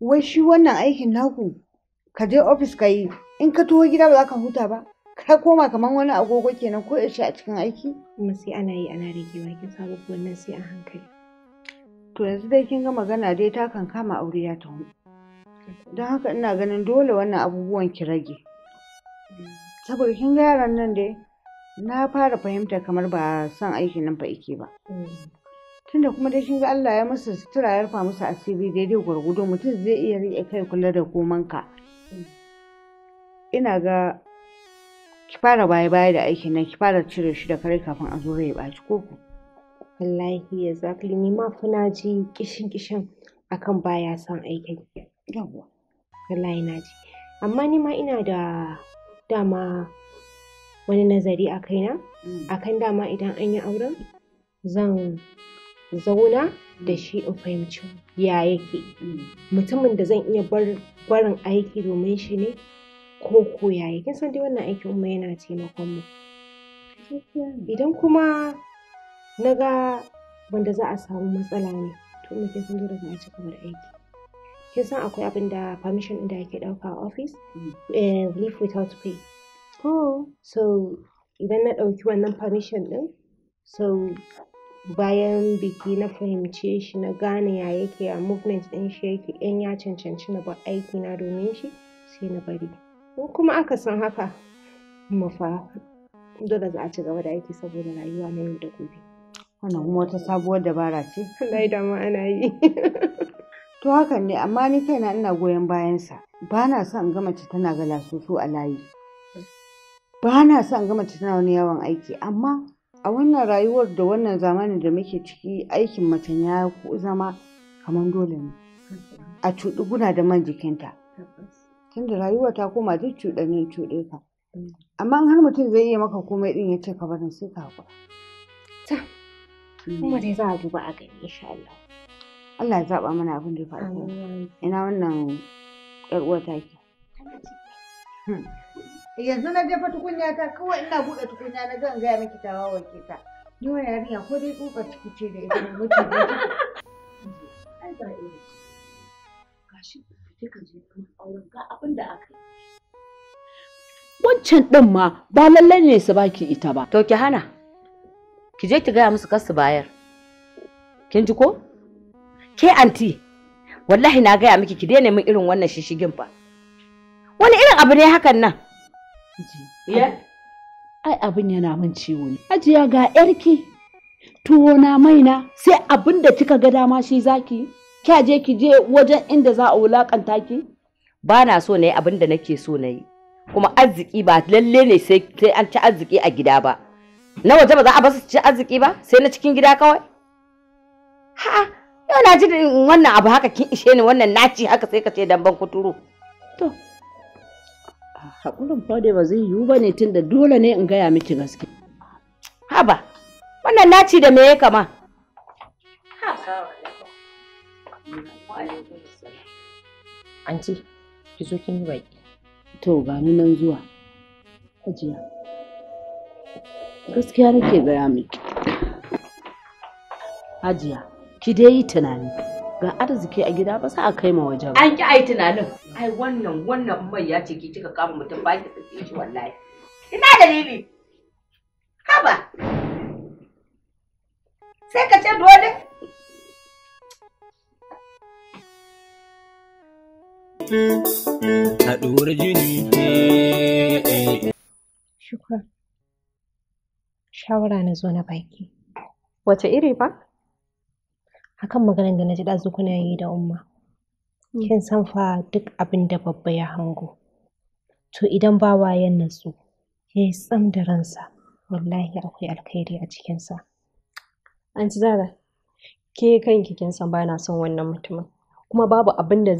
Wai shi wannan aikin naku ka je ofis ka yi in ka tuwo gida ba za ka huta ba. Ka koma kamar wani agogo kenan ko yaushe a cikin aiki? Kuma sai ana yi ana rigewa kin wannan sai a hankali. To yanzu dai kin ga magana dai ta kan kama aure ya taho. Don haka ina ganin dole wannan abubuwan ki rage. Saboda kin ga yaran nan dai na fara fahimta kamar ba san aikin nan fa ike ba. Mm. tunda kuma dai kin ga Allah ya masa sutura ya rufa masa asiri daidai gwargwado mutum zai iya riƙe kai kula da komanka ina ga ki fara baya baya da aikin nan ki fara cire shi da kare kafin a zo ya baci ko ku wallahi exactly ni ma fa na ji kishin kishin akan baya son aikin yawa wallahi na ji amma ni ma ina da dama wani nazari a kaina mm. akan dama idan an yi auren zan zauna da shi in fahimci ya yake mutumin da zan iya barin aiki domin shi ne ko ko kin san dai wannan aikin umma yana taimakon mu idan kuma na ga wanda za a samu matsala ne to me ke san dole za a ci gaba da aiki kin san akwai abin da permission din da yake dauka a office eh, leave without pay oh so idan na dauki wannan permission din so bayan biki na fahimce shi na gane ya yake a movement ɗin shi yake in ya cancanci na bar aiki na domin shi sai na bari ko kuma aka san haka mafa dole za a ci gaba da aiki saboda rayuwa na yau da gobe wannan kuma wata sabuwar dabara ce dai da ma ana yi to hakan ne amma ni kaina ina goyon bayansa ba na son in ga mace tana ga lasusu a layi ba na son in ga mace tana wani yawan aiki amma a wannan rayuwar da wannan zamanin da muke ciki aikin mace ya zama kamar dole ne a cuɗuguna da man jikinta tunda rayuwa ta koma duk ne cuɗe ka mm. amma har mutum zai iya maka komai ɗin ya ce ka barin sai ka haƙura ta kuma dai za a duba a gani insha Allah Allah ya zaba mana abin da ya faru ina wannan yar uwa take yanzu na jefa tukunya ta kawai ina buɗe tukunya na zan gaya miki tawa wake ta ni wani yarinya ko dai tsutsa ciki ce da ita mace da ai ba wancan din ma ba lallai ne su baki ita ba to ki hana ki je ki gaya musu kar su bayar kin ji ko ke anti wallahi na gaya miki ki daina min irin wannan shishigin fa wani irin abu ne hakan nan Ai abin yana min ciwo ne. Ajiya ga yarki tuwo na maina sai abin da kika ga dama shi zaki. Kya je ki je wajen inda za a wulakanta ki? Ba na so na yi abin da nake so na yi. Kuma arziki ba lalle ne sai an ci arziki a gida ba. Na waje ba za a basu ci arziki ba sai na cikin gida kawai. Ha, yau na ji wannan abu haka kin ishe ni wannan naci haka sai ka ce dan ban kuturu. To, hakurin fade ba zai yiwu ba ne da dole ne in gaya miki gaske. Haba, wannan naci da me ya kama? Anci, ki zo kin yi baki. To, ga ni nan zuwa. Hajiya. Gaskiya nake gaya miki. Hajiya, ki dai yi tunani. ga arziki a gida ba sa a kai ma waje ba. An ki ai tunanin, ai wannan wannan mai ya ce ki kika kama mutum ba ki tsaye shi wallahi. Ina dalili. Haba. Sai ka ce dole. dora jini. Eh. Shukran. Shawara na zo na baki. Wace iri ba? akan maganar da na ji ɗazu kuna yi da umma mm. kin san fa duk abinda babba ya hango to idan ba wayan natsu ya yi tsam da ransa wallahi akwai alkhairi a cikinsa anti zara ke kanki kin san ba na son wannan mutumin kuma babu abin da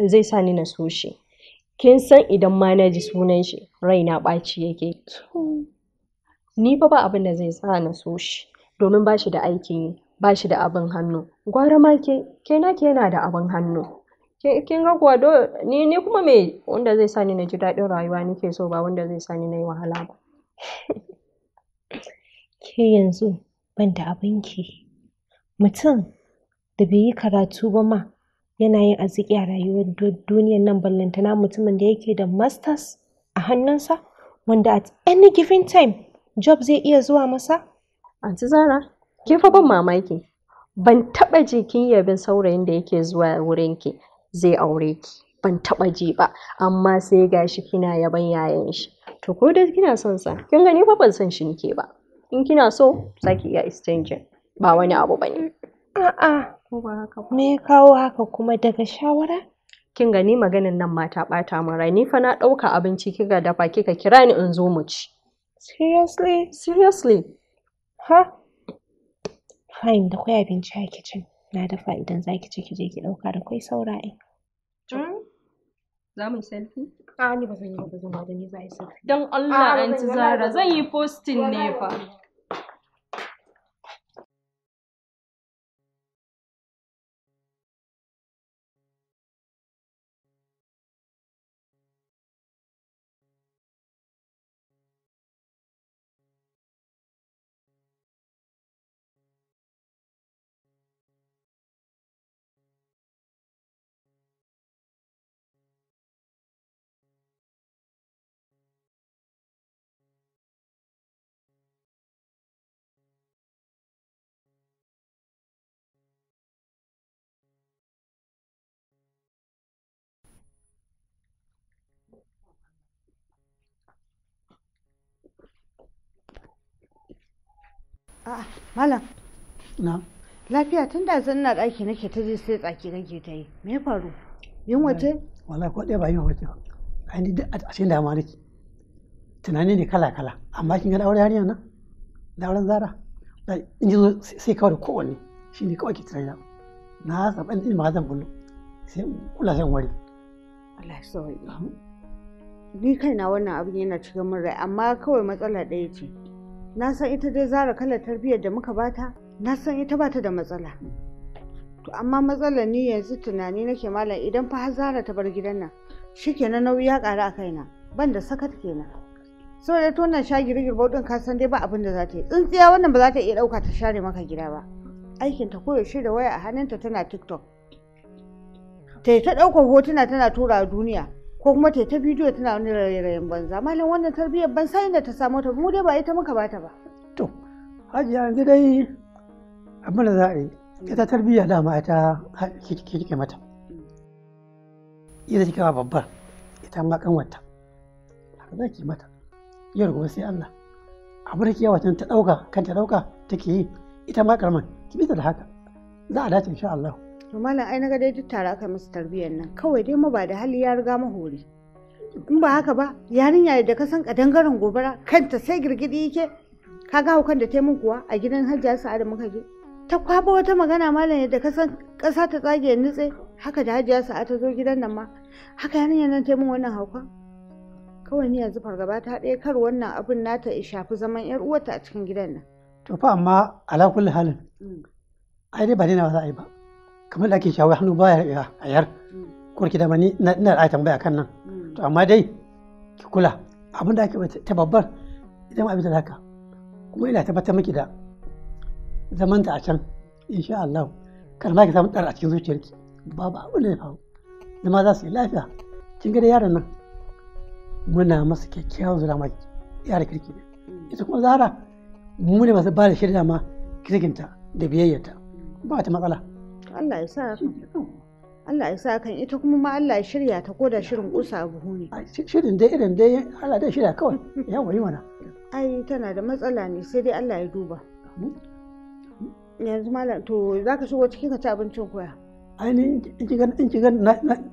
zai sa ni na so shi kin san idan ma na ji sunan shi raina ɓaci yake ni fa ba abin da zai sa na so shi domin ba shi da aikin yi ba shi da abin hannu gwara ma ke ke yana da abin hannu kin ga kuwa do ni ni kuma me wanda zai sa ni na ji daɗin rayuwa nake so ba wanda zai sa ni na yi wahala ba ke yanzu ban da abin ki mutum da bai yi karatu ba ma yana yin arziki a rayuwar duniyar nan ballantana mutumin da yake da masters a hannunsa wanda at any given time job zai iya zuwa masa anti zara Ke fa ban mamaki, ban taɓa ji kin yabin saurayin da yake zuwa wurin ki zai aure ki. Ban taɓa ji ba, amma sai gashi kina yaban yayan shi. To ko da kina son sa, kin gani fa ban son shi nike ba. In kina so, za ki iya exchanging, ba wani abu bane. A'a, ko ba haka ba. Me ya kawo haka kuma daga shawara? Kin gani maganin nan mata Bata min rai, ni fa na ɗauka abinci kika dafa kika kira ni in zo mu ci. Seriously? Seriously. Ha? Fine, da kwai abinci a kicin. Na dafa idan za ki ci ki je ki ɗauka da kwai saura ai. Hmm? Za mu yi selfie? A ni ba zan yi ba zan ba da ni za a yi selfie. Don Allah anti Zara zan yi posting ne fa. A'a, malam. Na. Lafiya tun da zan na ɗaki nake ta je sai tsaki kake ta yi. Me ya faru? Yin wace? Wallahi ko ɗaya ba yin wace ba. Ai ni duk a cikin damuwa nake. Tunani ne kala kala, amma kin ga da yarinya na? Da Zara. Da in ji sai kawai da kowanne. Shi ne kawai ke tunani na. Na zaɓa ɗin ma zan bullo. Sai kula zan wari. Allah ya sauya. Ni kaina wannan abin yana cikin murai, rai, amma kawai matsala ɗaya ce. na san ita dai zara kalar tarbiyyar da muka bata na san ita bata da matsala to amma matsalar ni yanzu tunani nake malam idan fa har zara ta bar gidan nan shikenan nauyi ya ƙara a kaina ban da sakat kenan saboda ta wannan sha girgirbau din ka san dai ba abin da za ta yi tsintsiya wannan ba za ta iya ɗauka ta share maka gida ba aikin ta koyaushe da waya a hannunta tana tiktok ta yi ta ɗaukar hotuna tana tura a duniya ko kuma ta ta bidiyo tana wani rairayin banza malam wannan tarbiyyar ban san da ta samu ta mu dai ba ita muka bata ba to hajiya yanzu dai abin da za a yi ita tarbiyya dama ita kike mata ita kike babbar ita ma kanwata haka za ki mata yau gobe sai Allah abin da ke yawa ta dauka kan ta dauka take yi ita ma karman ki bi ta da haka za a dace insha Allah to malam ai naga dai duk tare aka musu tarbiyyar nan kawai dai mu ba da hali ya riga hori in ba haka ba yarinya da ka san kadangaren gobara kanta sai girgidi yake ka ga hukan da taimun kuwa a gidan hajjiya sa'ada muka je ta kwaba wata magana malam yadda ka san ƙasa ta tsage ya nutse haka da ya sa'a ta zo gidan nan ma haka yarinya nan taimun wannan hauka kawai ni yanzu fargaba ta ɗaya kar wannan abin nata ya shafi zaman yar uwarta a cikin gidan nan to fa amma ala kulli halin mm. ai dai ba dai na za a yi ba kamar da ake shawo hannu baya eh, a yar kuma ki dama na ina da baya kan nan to amma dai ki kula abin da ake ta babbar idan abin da haka kuma ina tabbatar miki da zamanta a can insha Allah kar ma ki samu tsara a cikin zuciyarki babu abin da ya faru zama za su yi lafiya kin ga da yaran nan muna masa kyakkyawan zura ma yaron kirki ne ita kuma zara mu ne masu ba da shirya ma kirkinta da biyayyarta ba ta matsala Allah ya sa Allah ya sa kan ita kuma ma Allah ya shirya ta koda shirin kusa buhu ne shirin dai irin dai Allah dai shirya kawai ya wayi mana ai tana da matsala ne sai dai Allah ya duba yanzu malam to zaka shigo cikin ka ci abincin koya ni in kiga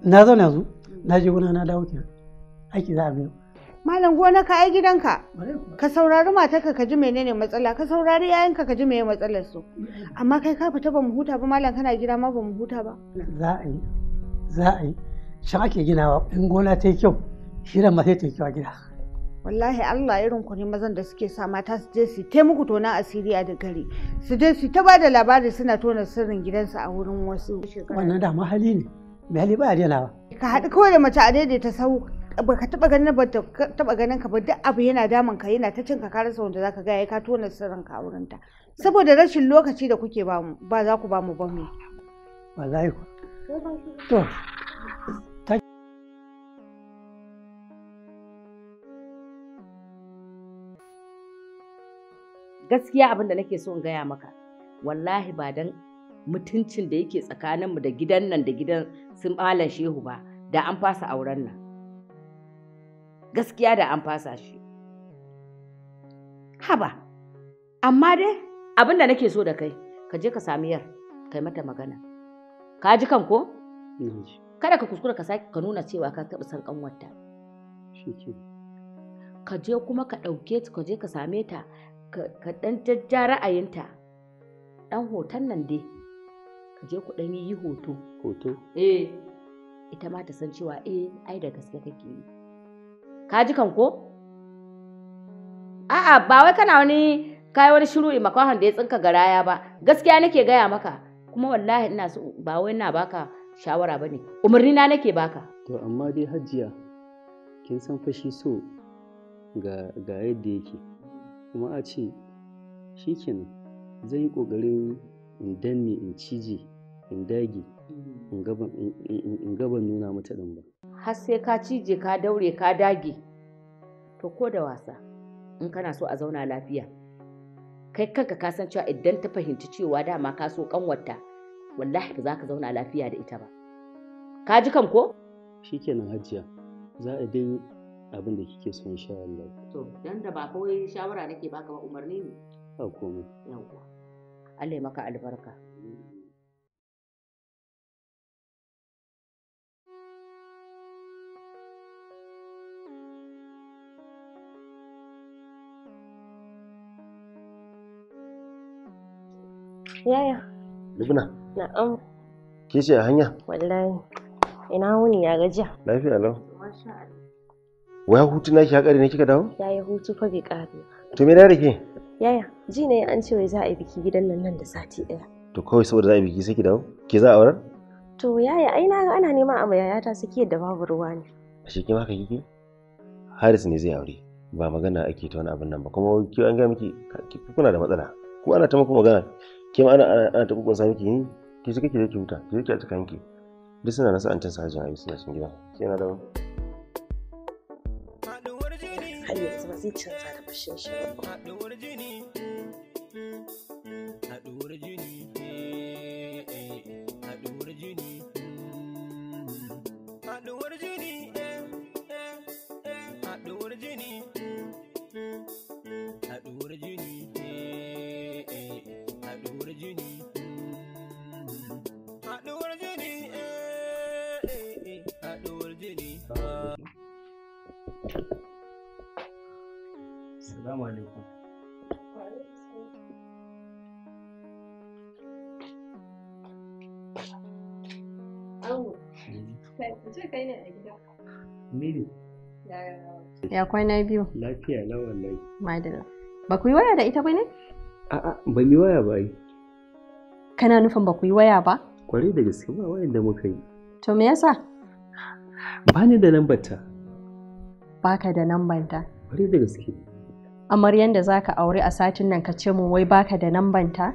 na zo na zo na je gona na dawo kenan aiki za a biyo Malam gona ka ai gidanka. Ka saurari matarka ka ji menene matsala, ka saurari yayanka ka ji meye matsalar su. Amma kai ka fita ba mu huta ba malam kana gida ma ba mu huta ba. Za a yi. Za a yi. Shan ake ginawa in gona ta yi kyau, shirin ma sai ta yi kyau a gida. Wallahi Allah irin ku ne mazan da suke sa mata su je su taimu ku tona asiri a da gari. Su je su ta bada labari suna tona sirrin gidansu a wurin wasu. Wannan da mahali ne. Mai hali ba a ba. Ka haɗu kawai da mace a daidaita sauka baka taba ganin ba taba ganin ka ba duk abu yana damun ka yana ta cinka ka karasa wanda zaka ga ya ka tona sirrin ka wurin ta saboda rashin lokaci da kuke ba mu ba za ku ba mu ba mu wallahi to gaskiya abin da nake so in gaya maka wallahi ba dan mutuncin da yake tsakaninmu da gidan nan da gidan sun malam shehu ba da an fasa auren nan gaskiya da an fasa shi haba amma dai abin da nake so da kai ka je ka sami yar yi mata magana ka ji kan ko kada ka kuskura ka sake ka nuna cewa ka taɓa san ƙanwarta. ka je kuma ka ɗauke ta ka je ka same ta ka ɗan jajja ra'ayinta ɗan hoton nan dai ka je ku ɗan yi hoto hoto eh ita ma ta san cewa eh ai da gaske kake yi ka ji kan ko a'a ba wai kana wani kai wani shiru makahon da ya tsinka garaya ba gaskiya nake gaya maka kuma wallahi ina so ba wai ina baka shawara bane umarni na nake baka to amma dai hajiya kin san fashi so ga ga yadda yake kuma a ce shikenan zan yi kokarin in danne in cije in dage in ga nuna mata ɗin ba. Har sai ka cije ka daure ka dage. To ko da wasa in kana so a zauna lafiya. Kai kanka ka san cewa idan ta fahimci cewa dama ka so kanwarta wallahi ba za ka zauna lafiya da ita ba. Ka ji kan ko? kenan hajiya za a dai abin da kike so insha Allah. To dan da ba kawai shawara nake baka ba umarni ne. Ba komai. Yawwa. Allah ya maka albarka. Yaya. Lubna. Na'am. Ke ce a hanya? Wallahi. Ina wuni ya gajiya. Lafiya lau. Waya hutu na ki haƙari ne kika dawo? Yaya hutu fa bai ƙare. To me da ke? Yaya, ji ne an ce wai za a yi biki gidan nan nan da sati ɗaya. To kawai saboda za a yi biki sai ki dawo? Ke za a auren? To yaya ai na ga ana neman a yayata saki yadda babu ruwa ne. A ke ma ka kike? Haris ne zai aure. Ba magana ake ta wani abin nan ba kuma ki an ga miki kuna da matsala. Ko ana ta muku magana ke ma ana ana ta kokon sami eh? ki ki ji kake ki huta ki ji ki kanki duk suna nasa antin sajin ayi suna cin gida ke na da dawo har yanzu ba zai canza da bashin shi ba ce kai ne a gida mini ya kwana biyu lafiya na wallahi madalla ba ku yi waya da ita ba ne a'a ban yi waya ba yi kana nufin ba ku yi waya ba kwarai da gaske ba wayan da muka yi to me yasa ba ni da lambar ta ka da lambar ta kwarai da gaske amaryan da zaka aure a satin nan ka ce mu wai baka da lambar ta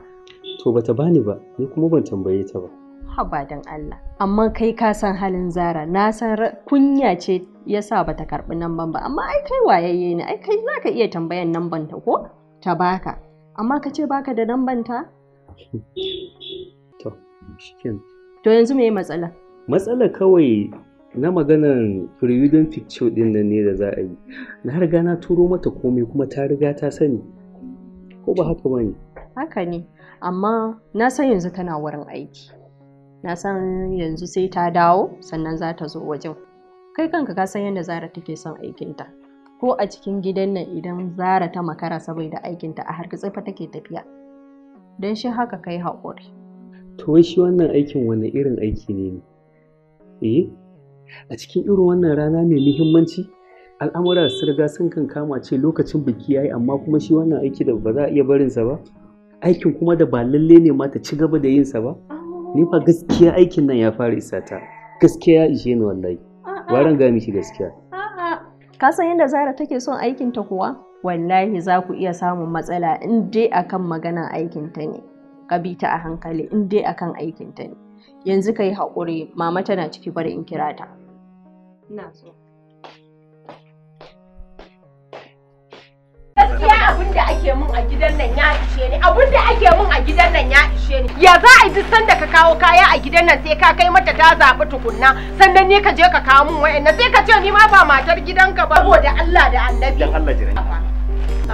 to bata bani ba ni kuma ban tambaye ta ba haba Allah amma kai ka san halin zara na san kunya ce yasa bata karɓi namban ba amma ai kai wayayye ne ai kai zaka iya tambayan namban ta ko ta baka amma ka ce baka da namban ta to to yanzu me matsala matsala kawai na maganan freedom picture din nan ne da za a yi na riga na turo mata komai kuma ta riga ta sani ko ba haka bane haka ne amma na san yanzu tana wurin aiki na san yanzu sai ta dawo sannan za ta zo wajen kai kanka ka san yadda zara take son aikinta ko a cikin gidan nan idan zara ta makara saboda aikinta a ka tsaifa take tafiya don shi haka kai haƙuri to shi wannan aikin wani irin aiki ne eh a cikin irin wannan rana mai muhimmanci al'amura su riga sun kan kama ce lokacin biki yayi amma kuma shi wannan aiki da ba za a iya barinsa ba aikin kuma da ba lalle ne ma ta ci gaba da yinsa ba ni fa gaskiya aikin nan ya fara isa ta gaskiya ya ishe ni wallahi waran ga miki gaskiya ka san yadda Zarah take son aikin ta kuwa wallahi za ku iya samun matsala in dai akan magana aikin ta ne ka bi ta a hankali in dai akan aikin ta ne yanzu ka yi haƙuri mama tana ciki bari in kira ta ina so abin da ake mun a gidan nan ya ishe ni abin da ake mun a gidan nan ya ishe ni ya za a yi duk sanda ka kawo kaya a gidan nan sai ka kai mata ta zaɓi tukunna sannan ne ka je ka kawo min wa'annan sai ka ce ni ma ba matar gidanka ba saboda Allah da Annabi dan Allah jira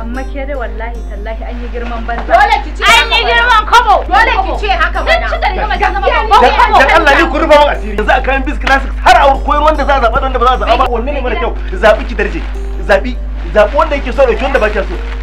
amma ke dai wallahi tallahi an yi girman banza dole ki ce an yi girman kobo dole ki ce haka mana sun ci da rigama ta zama babban kobo dan Allah ni ku asiri yanzu a kayan bis classics har a koyar wanda za a zaɓa wanda ba za a zaɓa ba wanne ne mara kyau zaɓi ki darje zaɓi zaɓi wanda yake so da wanda ba kya so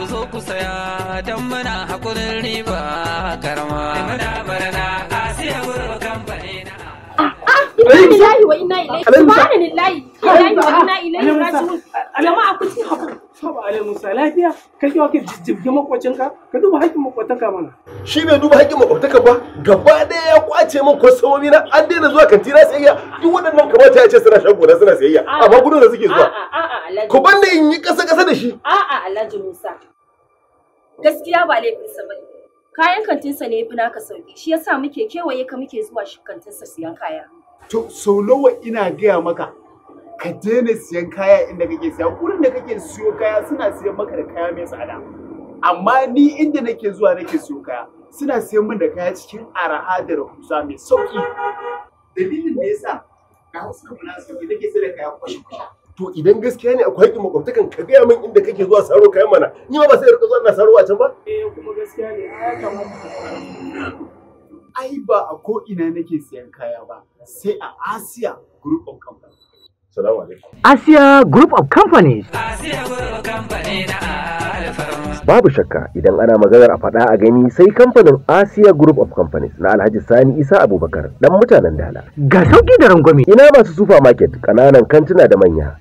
ku zo ku saya don muna hakurin riba karama. Muna barana a siya wurin kamfani na. Lillahi wa inna ilaihi subhana lillahi lillahi wa inna ilaihi raji'un jama'a ku ci hakuri saba alai musa lafiya ka kiwa ka jijjibge makwacinka ka duba haƙƙin makwataka mana shi bai duba haƙƙin makwataka ba gaba ɗaya ya kwace min kwastomomi na an daina zuwa kantina sayayya duk waɗannan kamata ya ce suna shan gona suna sayayya amma gudun da suke zuwa a a ku banda in yi ƙasa ƙasa da shi a a alhaji musa Gaskiya ba laifinsa ba Kayan kantinsa ne fi naka sauki, shi yasa muke kewaye ka muke zuwa kantinsa siyan kaya. To, sau nawa ina gaya maka, ka daina siyan kaya inda kake siya, wurin da kake siyo kaya suna siyan maka da kaya mai tsada. Amma ni inda nake zuwa nake siyo kaya, suna siyan min da kaya cikin araha da rahusa mai sauki. Dalilin da yasa, ga hausa na sauki nake sayar da kaya kwashe-kwashe. to idan gaskiya ne akwai haƙƙin makwabtakan ka gaya min inda kake zuwa saro kayan mana ni ma ba sai rika zuwa ina saro a can ba eh kuma gaskiya ne ya kamata ai ba a ko ina nake siyan kaya ba sai a Asia Group of Companies assalamu alaikum. Asia Group of Companies. Asia Group of Companies Babu shakka idan ana maganar a faɗa a gani sai kamfanin Asia Group of Companies na Alhaji Sani Isa Abubakar dan mutanen Dala. Ga sauki da rangwame. Ina masu supermarket, kananan kantuna da manya.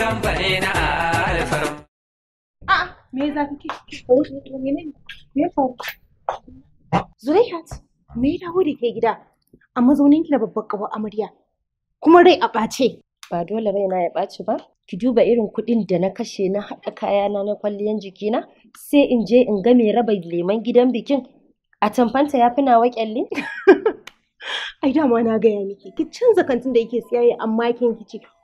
kamfani na A'a, me za ka ke? Zulaihat, me ya dawo da ke gida a mazaunin ki da babbar ƙawar amarya kuma rai a ɓace. Ba dole raina ya ɓace ba, ki duba irin kuɗin da na kashe na haɗa kayana na kwalliyan jikina sai in je in ga mai raba leman gidan bikin a tamfanta ya fi nawa ƙyalli. Ai dama na gaya miki, ki canza kantin da yake siya amma kin kici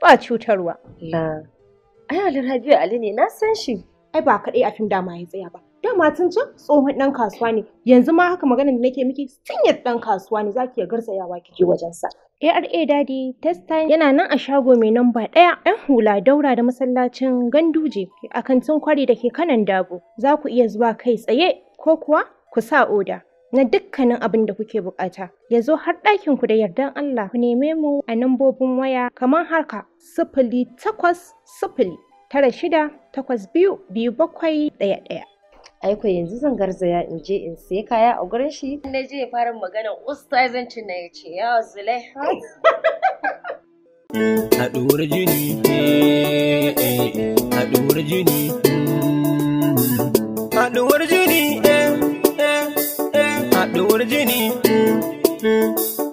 ba cutarwa. La, eh. ai Alhaji Ali ne na san shi. Ai ba kaɗai a fim dama ya tsaya ba. Dama tun can tsohon ɗan kasuwa ne. Yanzu ma haka magana da nake miki sun ɗan kasuwa ne zaki ya garzayawa kike wajen sa. ARA Daddy test time yana nan a shago mai namba ɗaya ‘yan hula daura da masallacin ganduje a kantin kwari da ke kanan dabo. Za ku iya zuwa kai tsaye ko kuwa ku sa oda. na dukkanin abin da kuke bukata. Ya zo har ɗakin ku da yardan Allah ku neme mu a nambobin waya kamar harka sifili takwas sifili tara shida takwas biyu biyu bakwai ɗaya ɗaya. aiko yanzu zan garzaya in je in sai kaya a gurin shi na je fara magana ustazancin na ya ce ya zulai haɗuwar jini eh, eh, eh. haɗuwar jini hmm. haɗuwar jini